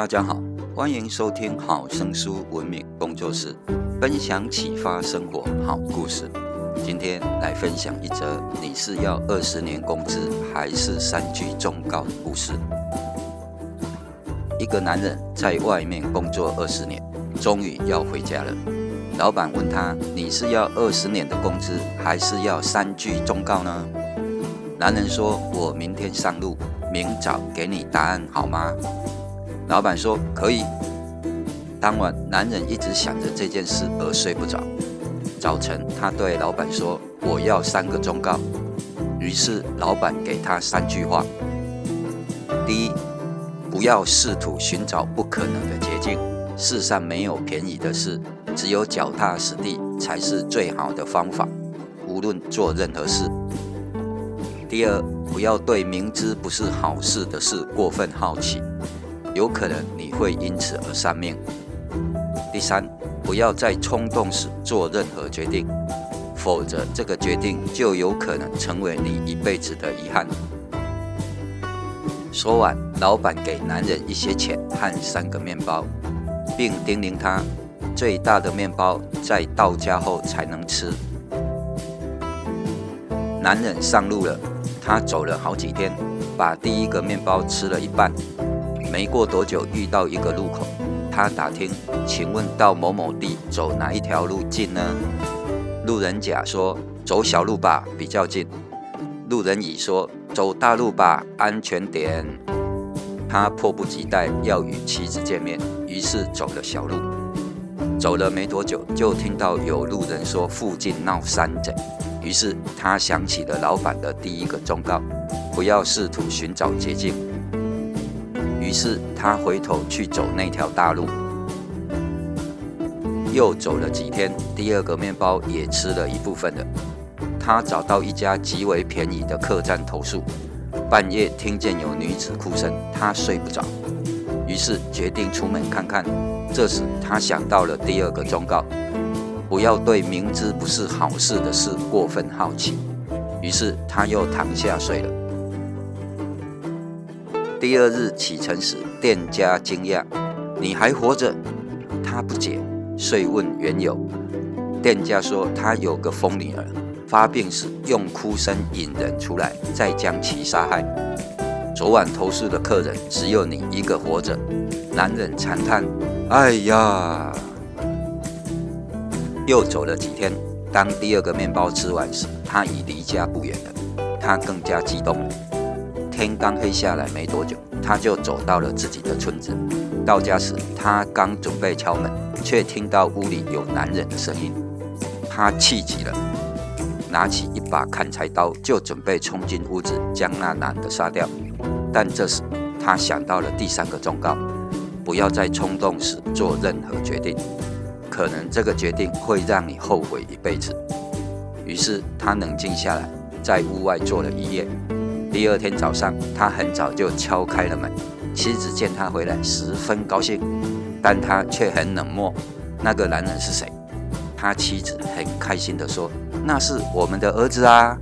大家好，歡迎收聽好聲書文明工作室，分享啟發生活好故事。今天來分享一則“你是要二十年工資還是三句忠告”的故事。一個男人在外面工作二十年，終於要回家了。老板問他：“你是要二十年的工資，還是要三句忠告呢？”男人說：“我明天上路，明早給你答案，好嗎？”老板說可以。當晚，男人一直想着這件事而睡不着。早晨，他對老板說：“我要三個忠告。”於是，老板給他三句話：第一，不要試圖尋找不可能的捷徑，世上沒有便宜的事，只有腳踏實地才是最好的方法，無論做任何事；第二，不要對明知不是好事的事過分好奇。有可能你會因此而喪命。第三，不要在衝動時做任何決定，否則這個決定就有可能成為你一輩子的遺憾。說完，老板給男人一些錢和三個麵包，並叮嚀他：最大的麵包在到家後才能吃。男人上路了，他走了好幾天，把第一個麵包吃了一半。沒過多久，遇到一個路口，他打聽：“請問到某某地走哪一條路近呢？”路人甲說：“走小路吧，比較近。”路人乙說：“走大路吧，安全點。”他迫不及待要與妻子見面，於是走了小路。走了沒多久，就聽到有路人說附近鬧山賊，於是他想起了老闆的第一個忠告：不要試圖尋找捷徑。於是他回頭去走那條大路，又走了幾天，第二個麵包也吃了一部分了。他找到一家極為便宜的客棧投宿，半夜聽見有女子哭聲，他睡不着，於是決定出門看看。這時他想到了第二個忠告：不要對明知不是好事的事過分好奇。於是他又躺下睡了。第二日啟程時，店家驚訝：“你還活着？”他不解，遂問緣由。店家說：“他有個瘋女兒，發病時用哭聲引人出來，再將其殺害。昨晚投宿的客人只有你一個活着。”男人長嘆：“哎呀！”又走了幾天，當第二個麵包吃完時，他已離家不遠了。他更加激動了。天剛黑下來沒多久，他就走到了自己的村子。到家時，他剛準備敲門，卻聽到屋裡有男人的聲音。他氣急了，拿起一把砍柴刀就準備衝進屋子將那男的殺掉。但這時他想到了第三個忠告：不要在衝動時做任何決定，可能這個決定會讓你後悔一輩子。於是他冷靜下來，在屋外坐了一夜。第二天早上，他很早就敲開了門。妻子見他回來，十分高興，但他卻很冷漠。那個男人是誰？他妻子很開心地說：“那是我們的兒子啊！”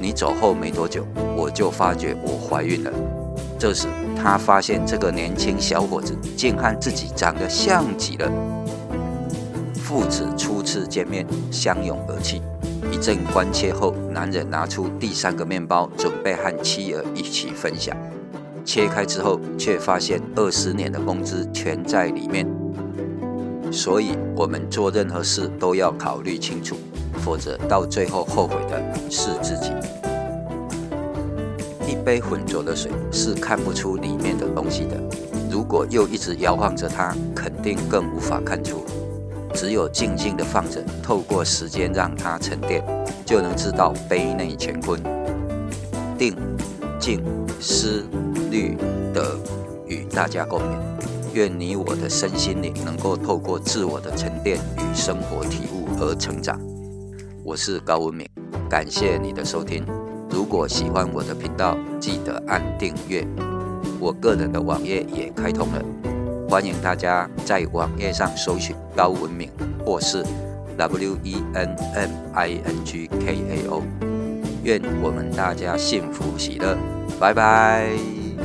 你走後沒多久，我就發覺我懷孕了。這時，他發現這個年輕小伙子竟和自己長得像極了。父子初次見面，相擁而泣。一陣關切後，男人拿出第三個麵包，準備和妻兒一起分享。切開之後，卻發現二十年的工資全在裡面。所以，我們做任何事都要考慮清楚，否則到最後後悔的是自己。一杯渾濁的水是看不出裡面的東西的，如果又一直搖晃着它，肯定更無法看出。只有靜靜地放着，透過時間讓它沉澱，就能知道杯內乾坤。定、靜、思、慮得與大家共勉，願你我的身心靈能夠透過自我的沉澱與生活體悟而成長。我是高文明，感謝你的收聽。如果喜歡我的頻道，記得按訂閱。我個人的網頁也開通了。歡迎大家在網頁上搜尋高文明，或是 WENMINGKAO。願我們大家幸福喜樂，拜拜。